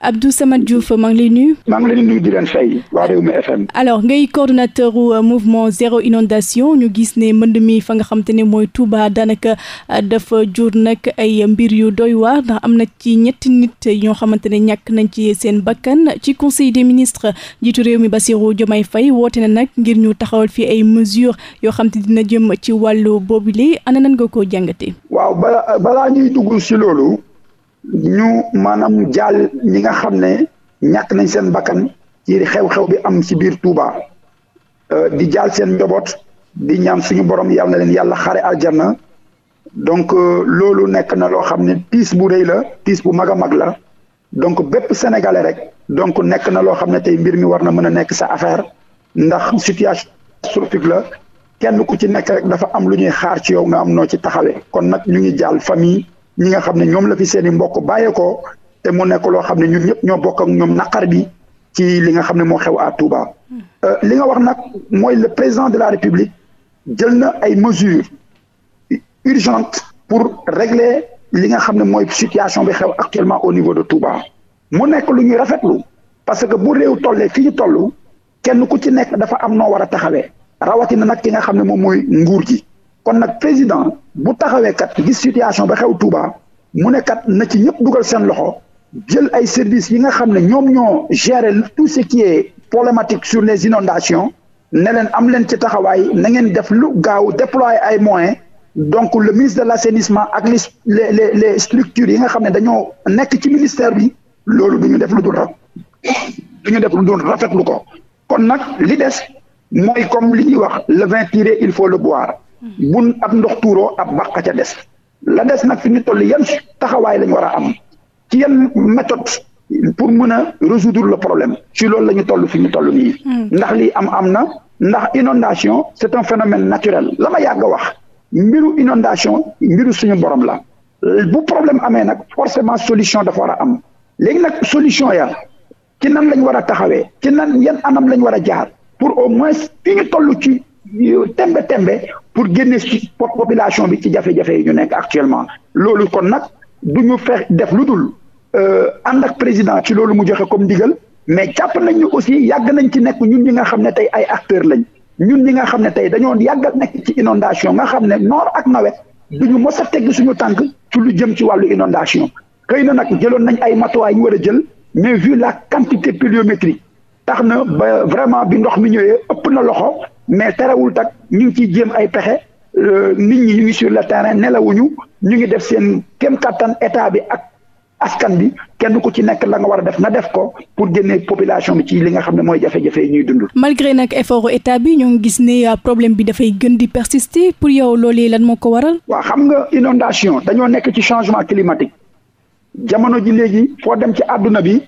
Abdou Samad Diouf maa ngi lay nuyu. maa ngi leen nuyu di leen fay waa Rewmi FM. alors ngay coordonnateur euh, mouvement zéro inondation ñu gis ne mbënd mi fa nga xam ne mooy Touba daanaka euh, dafa jur nag ay mbir yu doy waar ndax am na ci ñetti nit ñoo xamante ne ñàkk nañ ci seen bakkan ci conseil de ministre jiitu réew mi ba Bassirou Diomaye Faye woote na nag ngir ñu taxawal fii ay mesures yoo xam te dina jëm ci wàllu boobule ana nan nga koo jàngatee. waaw balaa ñuy dugg si loolu. ñu maanaam jaal ñi nga xam ne ñàkk nañ seen bakkan ci xew-xew bi am ci biir Touba euh, di jaal seen njaboot di ñaan suñu borom yàlla na leen yàlla xare aljanna donc euh, loolu nekk na loo xam ne tiis bu rëy la tiis bu mag a mag la donc bépp sénégalais rek donc nekk na loo xam ne tey mbir mi war na mën a nekk sa affaire ndax situation catastrophique la kenn ku ci nekk rek dafa am lu ñuy xaar ci yow nga am noo ci taxawee kon nag ñu ngi jaal famille ñi nga xam ne ñoom la fi seen i mbokk bàyyeekoo te moo nekk loo xam ne ñun ñëpp ñoo bokk ak ñoom naqar bi ci li nga xam ne moo xew à Touba. Euh, li nga wax nag mooy le président de la République jël na ay mesures urgentes pour régler li nga xam ne mooy situation bi xew actuellement au niveau de Touba. mu nekk lu ñuy rafetlu parce que bu réew tollee fi ñu toll kenn ku ci nekk dafa am noo war a taxawee rawatina nag ki nga xam ne moom mooy nguur ji kon nag président bu taxawee kat gis situation ba xew Touba mu nekkat na ci ñëpp dugal seen loxo jël ay services yi nga xam ne ñoom ñoo gérer tout ce qui est problématique sur les inondations ne am leen ci taxawaay na ngeen def lu gaaw déployer ay moyens donc le ministre de l'assainissement ak les les les structures yi nga xam ne dañoo nekk ci ministère bi loolu du ñu def lu dul rafet du ñu def lu dul rafetlu ko kon nag li des mooy comme li ñuy wax le vin tiré il faut le boire. bu ab ndox tuuroo ab bàq des la des nag fi ñu toll yan taxawaay lañ war a am ci yan méthode pour mën a résoudre la problème ci loolu la ñu toll fi ñu toll nii hmm. ndax lii am am na ndax inondation c'est un phénomène naturel la ma yàgg a wax mbiru inondation mbiru suñu borom la bu problème amee nag forcément solution dafa war a am léegi nag solution ya ci nan lañ war a taxawee ci nan yan anam lañ war a jaar pour au moins fi ñu toll ci euh, tembe tembe pour génne ci population bi ci jafe-jafe yi ñu nekk actuellement loolu kon nag du ñu feex def lu dul euh, ànd ak président ci loolu mu joxe comme ndigal mais jàpp nañ ñu aussi yàgg nañ ci nekk ñun ñi nga xam ne tey ay acteurs lañ ñun ñi nga xam ne tey dañoo yàggal nekk ci inondation nga xam ne noor ak nawet du ñu mos a tegg suñu tànk ci lu jëm ci wàllu inondation xëy na nag jëloon nañ ay matuwaay ñu war a jël mais vu la quantité pluviométrique tax na ba vraiment bi ndox mi ñëwee ëpp na loxo mais terewul tak ñu ngi ciy jéem ay pexe euh, nit ñi ñu ngi sur le terrain nelawuñu ñu ngi def seen kem kattan état bi ak askan bi kenn ku ci nekk la nga war a def nga def ko pour génne population bi ci li nga xam ne mooy jafe-jafe yi ñuy dund. malgré nag effort état bi ñoo ngi gis ne euh, problème bi dafay gën di persister pour yow loolu lan moo ko waral. waa xam nga inondation dañoo nekk ci changement climatique jamono ji léegi foo dem ci àdduna bi.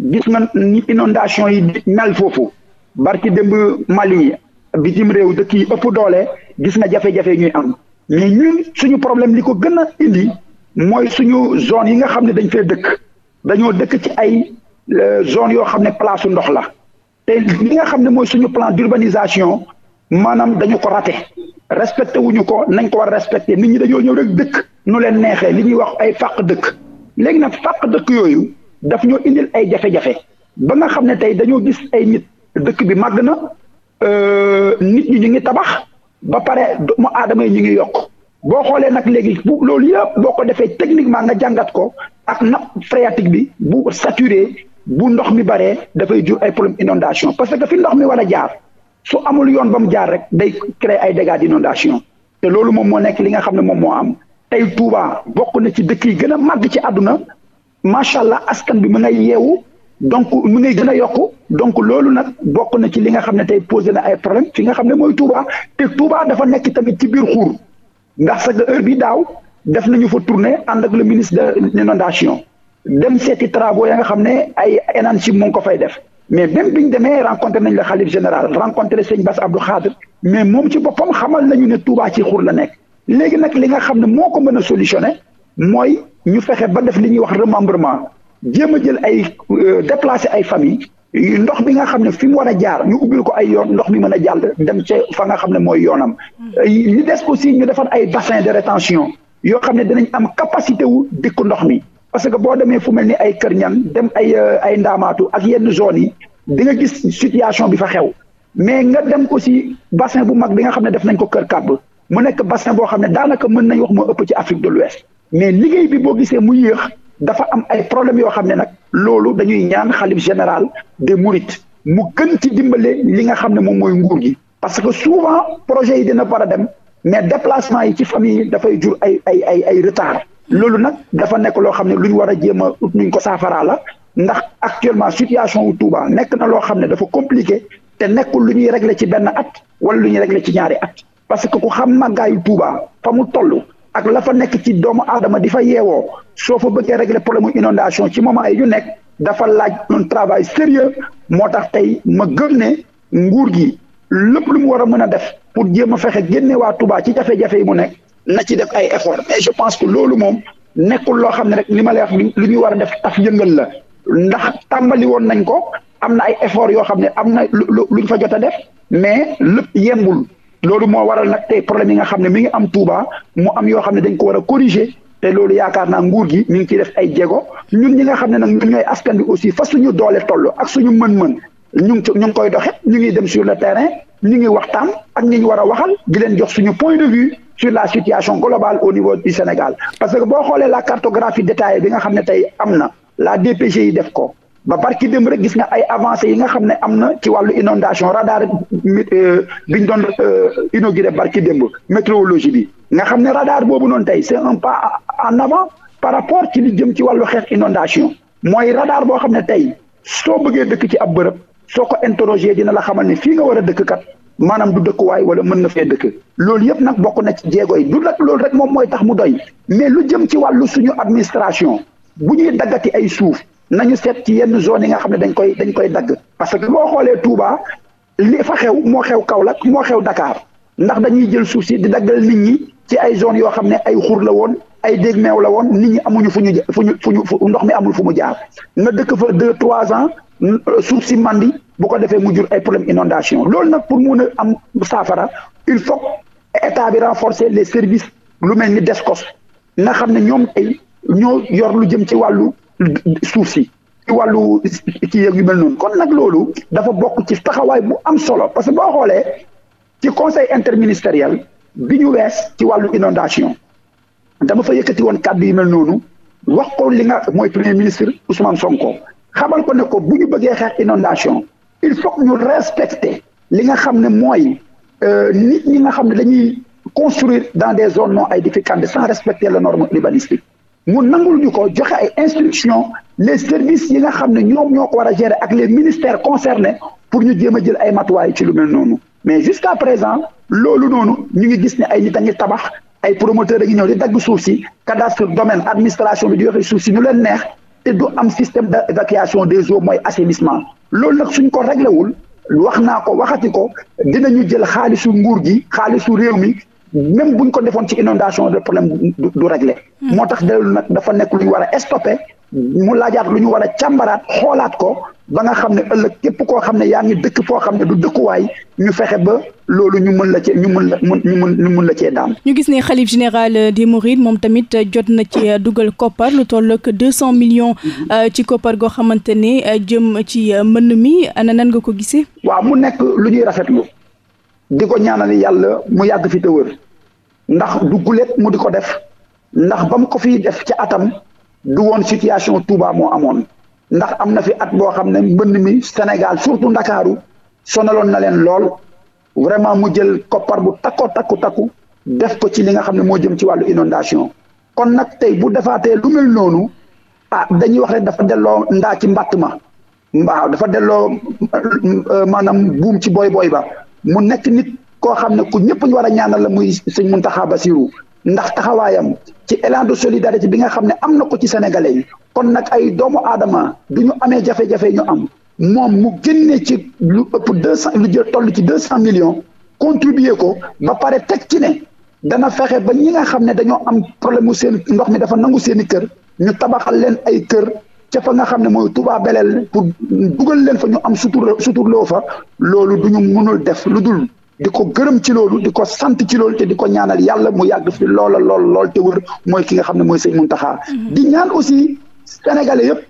gis na ni inondation yi di mel foofu barki démb Mali bitim réew dëkk yi ëpp doole gis nga jafe-jafe ñuy am mais ñun suñu problème li ko gën a indi mooy suñu zone yi nga xam ne dañ fee dëkk dañoo dëkk ci ay euh, zone yoo xam ne place ndox la te li nga xam ne mooy suñu plan d'urbanisation maanaam dañu ko raté respecté wuñu ko nañ ko war respecté nit ñi dañoo ñëw rek dëkk nu leen neexee li ñuy wax ay fàq dëkk léegi nag fàq dëkk yooyu daf ñoo indil ay jafe-jafe ba nga xam ne tey dañoo gis ay nit dëkk bi màgg na euh, nit ñi ñu ngi tabax ba pare mu aadama yi ñu ngi yokk boo xoolee nag léegi bu loolu yëpp boo ko defee techniquement nga jàngat ko ak nappe phréatique bi bu saturé bu ndox mi baree dafay jur ay problème inondation parce que fi ndox mi war a jaar su amul yoon ba mu jaar rek day créer ay dégâts d'inondation te loolu moom moo nekk li nga xam ne moom moo am tey Touba bokk na ci dëkk yi gën a màgg ci àdduna macha allah askan bi mu ngay yeewu donc mu ngay gën a yokku donc loolu nag bokk na ci li nga xam ne tey posé na ay problème fi nga xam ne mooy Touba te Touba dafa nekk tamit ci biir xuur ndax sa heure bi daaw def nañu fa tournée ànd ak le ministre de l'inondation dem seeti travaux ya nga xam ne ay énanchim mu ngi ko fay def mais même bi ñu demee rencontré nañ la xalif général rencontré sëñ Bass Abdou Khadre mais moom ci boppam xamal nañu ne Touba ci xur la nekk léegi nag li nga xam ne moo ko mën a solutionné mooy ñu fexe ba def li ñuy wax remembrement jéem a jël ay euh, déplacer ay famille ndox mi nga xam ne fi mu war a jaar ñu ubbil ko ay yoon ndox mi mën a jàll dem ca fa nga xam ne mooy yoonam hmm. euh, li des aussi ñu defar ay bassin de rétention yoo xam ne dinañ am capacité wu dikk ndox mi parce que boo demee fu mel ni ay kër ñan dem ay euh, ay ndaamaatu ak yenn zones yi di nga gis situation bi fa xew mais nga dem aussi bassin bu mag bi nga xam ne def nañ ko kër kàbb mu nekk bassin boo xam ne daanaka mën nañ wax moo ëpp ci Afrique de l'Ouest mais liggéey bi boo gisee mu yéex dafa am ay problème yoo xam ne nag loolu dañuy ñaan xalif général des mourides mu kën ci dimbale li nga xam ne moom mooy nguur gi parce que souvent projet yi dina war a dem mais déplacement yi ci famille dafay jur ay ay ay ay retard loolu nag dafa nekk loo xam ne lu ñu war a jéem a ut nuñ ko saafaraa la ndax actuellement situation wu Touba nekk na loo xam ne dafa compliqué te nekkul lu ñuy régler ci benn at wala lu ñuy régler ci ñaari at parce que ku xam màggaayu Touba fa mu toll ak la fa nekk ci doomu aadama di fa yeewoo soo fa bëggee régler problème inondation ci moment yi ñu nekk dafa laaj un travail sérieux moo tax tey ma gëm ne nguur gi lépp lu mu war a mën a def pour jéem a fexe génne waa ci jafe yi mu nekk na ci def ay effort mais je pense loolu moom nekkul loo xam ne rek li ma lay wax lu ñu war a def taf yëngal la ndax tàmbali woon nañ ko am na ay effort yoo xam ne am na lu luñ fa jot a def mais lépp yembul loolu moo waral nag tey problème yi nga xam ne mi ngi am Touba mu am yoo xam ne dañ ko war a corriger te loolu yaakaar naa nguur gi mi ngi ciy def ay jéego ñun ñi nga xam ne nag ñun askan bi aussi fa suñu doole toll ak suñu mën-mën ñu ngi ñu ngi koy doxe ñu ngi dem sur le terrain ñu ngi waxtaan ak ñi ñu war a waxal di leen jox suñu point de vue sur la situation globale au niveau du Sénégal parce que boo xoolee la cartographie détaillée bi nga xam ne tey am na la DPG yi def ko ba barki dem rek gis nga ay avancé yi nga xam ne am na ci wàllu inondation radar euh, bi ñu doon euh, inauguré barki démb météorologie bi nga xam ne radar boobu noon tey c'est un pas en avant par rapport ci li jëm ci wàllu xeex inondation mooy radar boo xam ne tey soo bëggee dëkk ci ab bërëb soo ko interroger dina la xamal ne fii nga war a dëkk kat maanaam du dëkkuwaay wala mën na fee dëkk loolu yëpp nag bokk na ci jéego yi du nag loolu rek moom mooy tax mu doy mais lu jëm ci wàllu suñu administration bu ñuy daggati ay suuf nañu seet ci yenn zone yi nga xam ne dañ koy dañ koy dagg parce que boo xoolee Touba li fa xew moo xew Kaolack moo xew Dakar ndax dañuy jël suuf si di daggal nit ñi ci ay zone yoo xam ne ay xuur la woon ay dégg la woon nit ñi amuñu fu ñu fu ñu fu ndox mi amul fu mu jaar nga dëkk fa deux trois ans euh, suuf si mandi bu ko defee mu jur ay problème inondation loolu nag pour mun a am saafara il faut état bi renforcer les services lu mel ni DSCOS nga xam ne ñoom tey ñoo yor lu jëm ci wàllu suuf si ci wàllu ci yëg yu mel noonu kon nag loolu dafa bokk ci taxawaay bu am solo parce que boo xoolee ci conseil interministériel bi ñu wees ci wàllu inondation dama fa yëkkati woon kàdd yu mel noonu wax ko li nga mooy premier ministre Ousmane Sonko xamal ko ne ko bu ñu bëggee xeex inondation il faut que ñu respecter li nga xam ne mooy euh, nit ñi nga xam ne dañuy construire dans des zones non aedificantes sans respecter les normes urbanistiques mu nangul ñu ko joxe ay instructions les services yi nga xam ne ñoom ñoo ko war a gérer ak les ministères concerné pour ñu jéem a jël ay matuwaay ci lu mel noonu mais jusqu'à présent loolu noonu ñu ngi gis ne ay nit a ngi tabax ay promoteurs a ngi ñëw di dagg suuf si cadastre domaine administration bi di joxe suuf si ñu leen neex te du am système d'évacuation des eaux mooy assainissement loolu nag suñ ko réglé wul wax naa ko waxati ko dinañu jël xaalisu nguur gi xaalisu réew mi bu ñu ko defoon ci inondation de problème du du hmm. moo tax dellu nag dafa nekk lu ñu war a stoppé mu laajaat lu ñu war a càmbaraat xoolaat ko ba nga xam ne ëllëg képp koo xam ne yaa ngi dëkk foo xam ne du dëkkuwaay ñu fexe ba loolu ñu mën la ci ñu mën la mën ñu mën la cee daan. ñu gis ne xalif général des Mourides moom tamit jot na ci dugal koppar lu toll ak deux hmm. euh, ci koppar goo xamante ne euh, jëm ci euh, mbënn mi ana nan nga ko gisee. waaw mu nekk lu ñuy rafetlu. di ko ñaanal yàlla mu yàgg fi te ndax du gulet mu di ko def ndax ba mu ko fi def ci atam du woon situation Touba moo amoon ndax am na fi at boo xam ne mbënn mi Sénégal surtout Ndakaaru sonaloon na leen lool vraiment mu jël koppar bu takko takku takku def ko ci li nga xam ne moo jëm ci wàllu inondation kon nag tey bu defaatee lu mel noonu ah dañuy wax rek dafa delloo ndaa ci mbatt ma waaw dafa delloo euh, maanaam buum ci boy boy ba mu nekk nit koo xam ne ku ñëpp ñu war a ñaanal la muy sëñ Muntaxa Basiru ndax taxawaayam ci élan de solidarité bi nga xam ne am na ko ci sénégalais yi kon nag ay doomu aadama du ñu amee jafe-jafe ñu am moom mu génnee ci lu ëpp deux cent lu jël toll ci deux cent millions contribuer ko ba pare teg ci ne dana fexe ba ñi nga xam ne dañoo am problème mu seen ndox mi dafa nangu seen i kër ñu tabaxal leen ay kër ca fa nga xam ne mooy Touba Belel pour dugal leen fa ñu am sutur loo fa loolu du ñu mënul def lu dul di ko gërëm ci loolu di ko sant ci loolu te di ko ñaanal yàlla mu yàgg fi loola lool lool te wër mooy ki nga xam ne mooy sëñ Muntaxa mm-hmm. di ñaan aussi sénégalais yëpp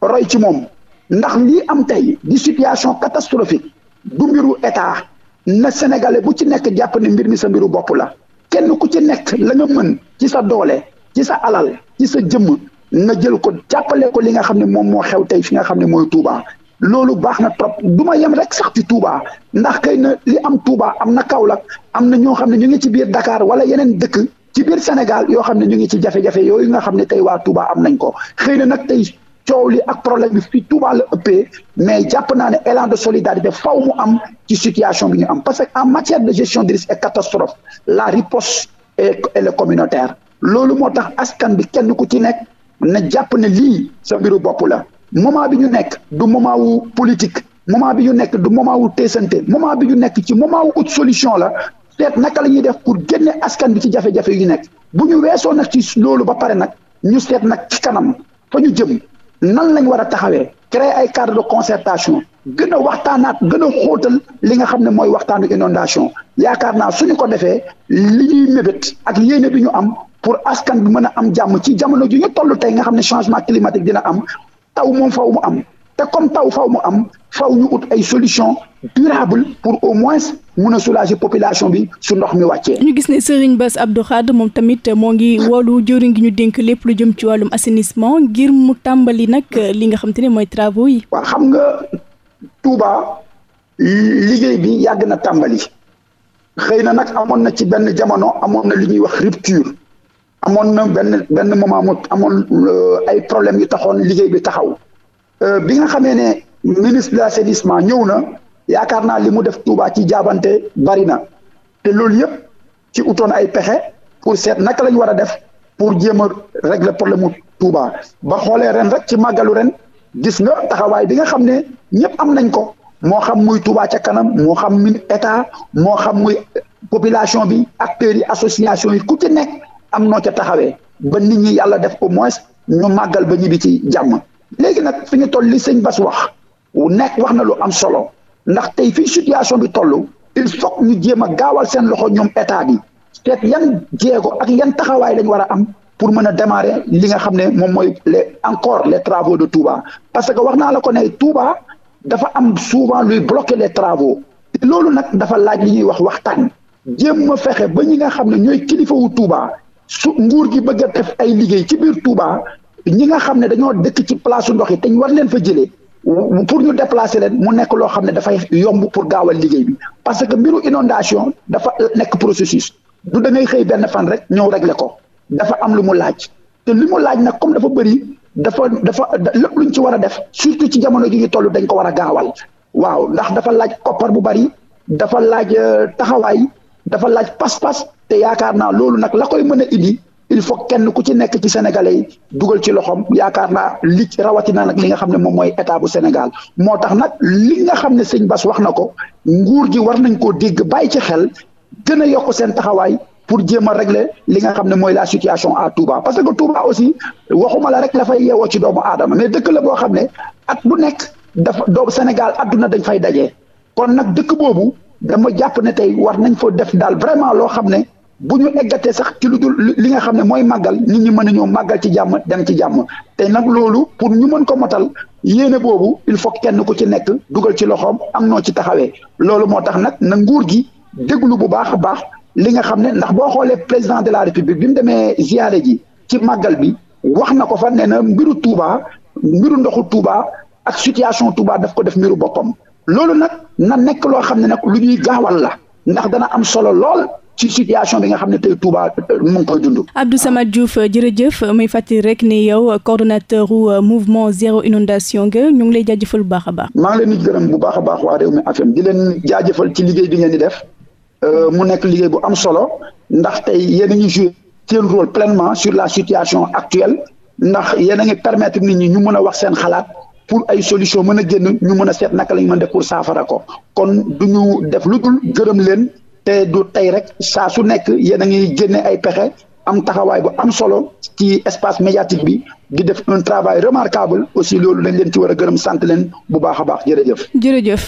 roy ci moom ndax lii am tey di situation catastrophique du mbiru état na sénégalais bu ci nekk jàpp ne mbir mi sa mbiru bopp la kenn ku ci nekk la nga mën ci sa doole ci sa alal ci sa jëmm na jël ko jàppale ko li nga xam ne moom moo xew tey fi nga xam ne mooy Touba loolu baax na trop du ma yem rek sax ci Touba ndax këy na li am Touba am na Kaolack am na ñoo xam ne ñu ngi ci biir Dakar wala yeneen dëkk ci biir Sénégal yoo xam ne ñu ngi ci jafe-jafe yooyu nga xam ne tey waa Touba am nañ ko xëy na nag tey coow li ak problème bi fii Touba la ëppee mais jàpp naa ne élan de solidarité faw mu am ci situation bi ñu am parce que en matière de gestion des e et catastrophes la riposte est, elle communautaire loolu moo tax askan bi kenn ku ci nekk. na jàpp ne lii sa mbiru bopp la moment bi ñu nekk du moment wu politique moment bi ñu nekk du moment wu teesante moment bi ñu nekk ci moment wu ut solution la teet naka la ñuy def pour génne askan bi ci jafe-jafe yu ñu nekk bu ñu weesoo nag ci loolu ba pare nag ñu seet nag ci kanam fa ñu jëm nan lañ war a taxawee créer ay cadre de concertation gën a waxtaanaat gën a xóotal li nga xam ne mooy waxtaanu inondation yaakaar naa suñu ko defee li ñuy mébét ak yéene bi ñu am pour askan bi mën a am jàmm ci jamono ju ñu toll tey nga xam ne changement climatique dina am taw moom faw mu am te comme taw faw mu am faw ñu ut ay solution durable pour au moins mun a soulager population bi su ndox mi wàccee. ñu gis ne Serigne Bass Abdou Khadre moom tamit moo ngi woolu jëwriñ ngi ñu dénk lépp lu jëm ci wàllum assainissement ngir mu tàmbali nag li nga xam te ne mooy travaux yi. waaw xam nga Touba liggéey bi yàgg na tàmbali xëy na nag amoon na ci benn jamono amoon na li ñuy wax rupture. amoon na benn benn moment mu amoon euh, ay problème yu taxoon liggéey bi taxaw euh, bi nga xamee ne ministre de l'assainissement ñëw na yaakaar naa li mu def Touba ci jaabante bari na te loolu yëpp ci utoon ay pexe pour seet naka lañ war a def pour jéem a régler problème mu Touba ba xoolee ren rek ci màggalu ren gis nga taxawaay bi nga xam ne ñëpp am nañ ko moo xam muy Touba ca kanam moo xam muy état moo xam muy population bi acteurs yi association yi ku ci nekk am noo ca taxawee ba nit ñi yàlla def au moins ñu màggal ba ñibbi ci jàmm léegi nag fi ñu toll li sëñ Bass wax wu nekk wax na lu am solo ndax tey fii situation bi tollu il faut ñu jéem a gaawal seen loxo ñoom état bi seet yan jéego ak yan taxawaay lañ war a am pour mën a démarrer li nga xam ne moom mooy les encore les travaux de Touba parce que wax naa la ko ne Touba dafa am souvent luy bloquer les travaux loolu nag dafa laaj li ñuy wax waxtaan jéem a fexe ba ñi nga xam ne ñooy kilifa wu Touba su nguur gi bëgg a def ay liggéey ci biir Touba ñi nga xam ne dañoo dëkk ci place ndox yi te ñu war leen fa jëlee pour ñu déplacer leen mu nekk loo xam ne dafay yomb pour gaawal liggéey bi parce que mbiru inondation dafa nekk processus du da ngay xëy benn fan rek ñëw régler ko dafa am lu mu laaj te li mu laaj na comme dafa bëri dafa dafa lépp luñ ci war a def surtout ci jamono ji ñu toll dañ ko war a gaawal waaw ndax dafa laaj koppar bu bari dafa laaj euh, taxawaay dafa laaj pas te yaakaar naa loolu nag la koy mën a indi il faut kenn ku ci nekk ci sénégalais dugal ci loxoom yaakaar naa li rawatina nag li nga xam ne moom mooy état bu Sénégal moo tax nag li nga ne sëñ Bass wax na ko nguur gi war nañ koo dégg bàyyi ci xel gën a yokk seen taxawaay pour jéem a régler li nga xam ne mooy la situation à Touba parce que Touba aussi waxuma la rek la yeewoo ci doomu aadama mais dëkk la boo xam ne at bu nekk dafa doomu Sénégal adduna dañ fay dajee kon nag dëkk boobu dama jàpp ne tey war nañ fa def daal vraiment loo xam ne. bu ñu eggatee sax ci lu dul li nga xam ne mooy màggal ni ñi mën ñëw màggal ci jàmm dem ci jàmm te nag loolu pour ñu mën ko motal yéene boobu il faut kenn ku ci nekk dugal ci loxoom am noo ci taxawee loolu moo tax nag na nguur gi déglu bu baax a baax li nga xam ne ndax boo xoolee président de la république bi mu demee ziare ji ci màggal bi wax na ko fa nee na mbiru Touba mbiru ndoxu Touba ak situation Touba daf ko def mbiru boppam loolu nag na nekk loo xam ne nag lu ñuy gaawal la ndax dana am solo lool. ci situation bi nga xam ne tey Touba mu ngi koy Samad Diouf jërëjëf muy fàttali rek ni yow coordonnateur u euh, mouvement zéro inondation nga ñu ngi lay jaajëfal bu baax a baax. maa ngi leen di gërëm bu baax a baax waa Rewmi FM di leen jaajëfal ci liggéey bi ngeen di def euh, mu nekk liggéey bu am solo ndax tey yéen a ngi joué seen rôle pleinement sur la situation actuelle ndax yeneen a permettre nit ñi ñu mën a wax seen xalaat. pour ay solution mën a génn ñu mën a seet naka la mën def saafara ko kon du ñu def lu dul gërëm leen te du tey rek saa su nekk yéen a ngi génne ay pexe am taxawaay bu am solo ci espace médiatique bi di def un travail remarquable aussi loolu dañ leen ci war a gërëm sant leen bu baax a baax jërëjëf. jërëjëf.